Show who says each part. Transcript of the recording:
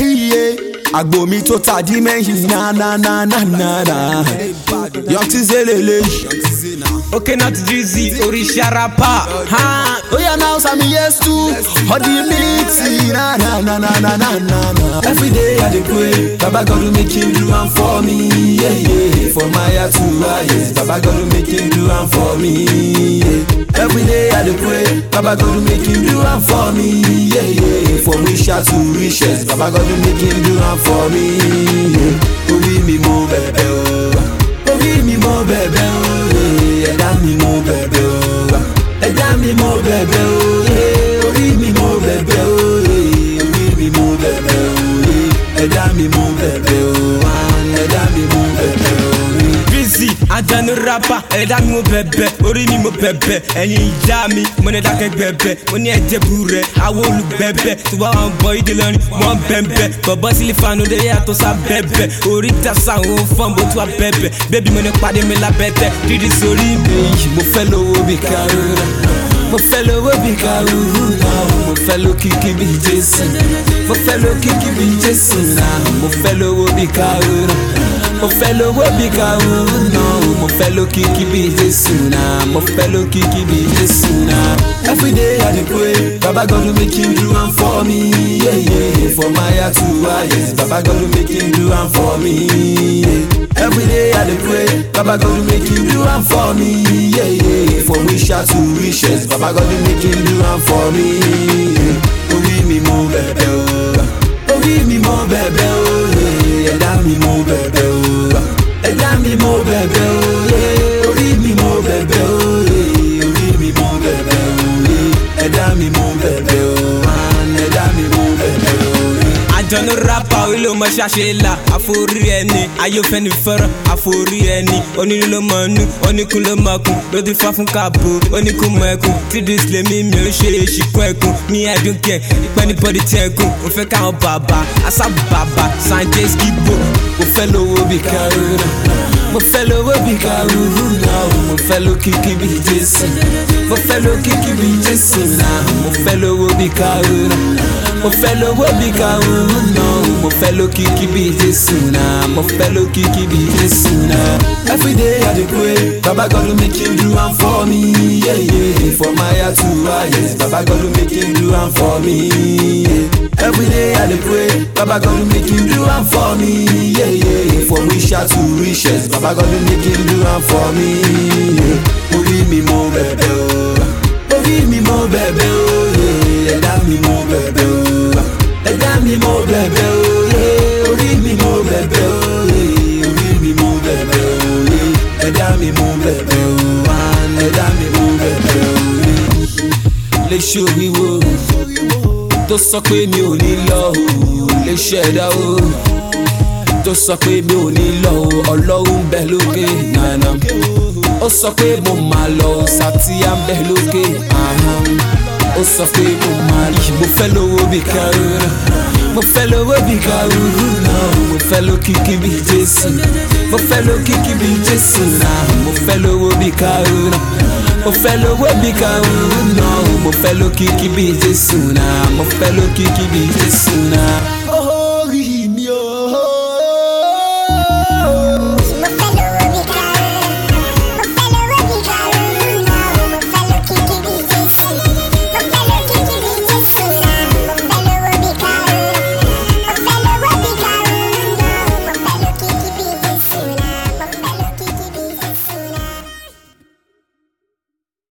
Speaker 1: iye àgbo mi tó ta dí mẹ́yìn nánánánánánà
Speaker 2: yọtí zélele. okay not dizzy oríṣi arapa
Speaker 1: oya now sami yes to na na na na na na. Every day i dey pray baba god will make him do am for me yeah, yeah. for my heart to rise baba god will make him do am for me. Yeah every day i dey pray baba god make him do am for me yeah, yeah. from richer to wishes, baba god make him do am for me yeah. orí mi mo bẹ̀bẹ̀ o orí mi mo bẹ̀bẹ̀ o ẹ̀dá mi mo bẹ̀bẹ̀ o ẹ̀dá mi mo bẹ̀bẹ̀ o orí mi mo
Speaker 2: bẹ̀bẹ̀ o orí mi mo bẹ̀bẹ̀ o ẹ̀dá mi mo bẹ̀bẹ̀ o ẹ̀dá mi mo bẹ̀bẹ̀ o sí ajanurapa ẹ̀dá mi mo bẹ̀bẹ̀ orí mi mo bẹ̀bẹ̀ ẹ̀yìn ìyá mi mo ní dákẹ́ gbẹ̀bẹ̀ mo ní ẹ̀jẹ̀ burẹ̀ àwọn olùgbẹ̀bẹ̀ tó bá wọn bọ̀ ìdè lọ́rin wọn bẹ̀bẹ̀ bọ̀bọ̀ sílẹ̀ fanu dé yàtọ̀ sá bẹ̀bẹ̀ orí tẹ̀sán òun fọ́n bó tó a bẹ̀bẹ̀ bébí mo ní pàdé mi lábẹ́tẹ̀ dídí sórí mi mo fẹ́ lówó bí Karuna mo fẹ́ lówó bí Karuna mo fẹ́
Speaker 1: lókìkí bí Jésù mo fẹ́ lókìkí bí Jésù náà mo fẹ́ lówó bí Karuna mo fẹ́ lówó bí kàrúnà mo fẹ́ lókìkí bí jésù náà mo fẹ́ lókìkí bí jésù náà. everyday i dey pray baba god make him do am for me for my heart to rise baba god will make him do am for me. Yeah. day i dey pray baba god will make him do am for me yeah, yeah. from wishes to wishes baba god will make him do am for me. Yeah. orí mi mo bẹ̀bẹ̀ o orí mi mo bẹ̀bẹ̀ o yeah, mi me bẹ̀bẹ̀ o.
Speaker 2: mi mú bẹ̀bẹ̀ o ẹ̀dá mi mú bẹ̀bẹ̀ o. àjọ̀nù rápà olú ọmọ ṣàṣe là àforí ẹni ayọ́fẹ́ni fẹ́ràn àforí ẹni onílù ló mọ̀ nú oníkun ló mọ̀ kún lójú fá fún káàbò oníkun mọ̀ ẹkún tídìí sílẹ̀ mi mi ò ṣe èṣìkún ẹkún mi ẹ̀dùn kẹ̀ ìpẹ́ ní bọ́dí tí ẹkún mo fẹ́ káwọn bàbá asábù bàbá sanjé skibo mo fẹ́ lówó bí kárọ̀nà mo fẹ́ lówó bí kàrúrú náà mo fẹ́ lókìkí
Speaker 1: bí jésù mo fẹ́ lókìkí bí jésù náà mo fẹ́ lówó bí kàrúrú mo fẹ́ lówó bí kàrúrú náà mo fẹ́ lókìkí bí jésù náà mo fẹ́ lókìkí bí jésù náà. every day i dey pray baba god make him do am for me yeah, yeah. for my heart to rise baba god make him do am for me. Yeah. Every day I dey pray, Baba God will make him do am for me. Yeah, yeah. From riches to wishes, Baba God will make him do am for me. Yeah. Orí mi mo bẹ̀bẹ̀ o, orí mi mo bẹ̀bẹ̀ o, yeah. Ẹ̀dá mi mo bẹ̀bẹ̀ o, ẹ̀dá mi mo bẹ̀bẹ̀ o, yeah. Orí mi mo bẹ̀bẹ̀ o, yeah. Orí mi mo bẹ̀bẹ̀ o, yeah. Ẹ̀dá mi mo bẹ̀bẹ̀ o, ẹ̀dá mi mo bẹ̀bẹ̀ o, yeah. Lè ṣe òwíwo tó sọ pé mi ò ní lọ o lè ṣẹ̀dá o tó sọ pé mi ò ní lọ o ọlọ́run bẹ lókè nànà ó sọ pé mo máa lọ o sátìyà bẹ lókè ó sọ pé mo máa rí mo fẹ́ lówó bí kárọ̀nà mo fẹ́ lówó bí kárọ̀nà mo fẹ́ lókìkí bí jésù mo fẹ́ lókìkí bí jésù náà mo fẹ́ lówó bí kárọ̀nà mo fẹ́ lówó bí kàrún náà mo fẹ́ lókìkí bí Jésù náà mo fẹ́ lókìkí bí Jésù náà.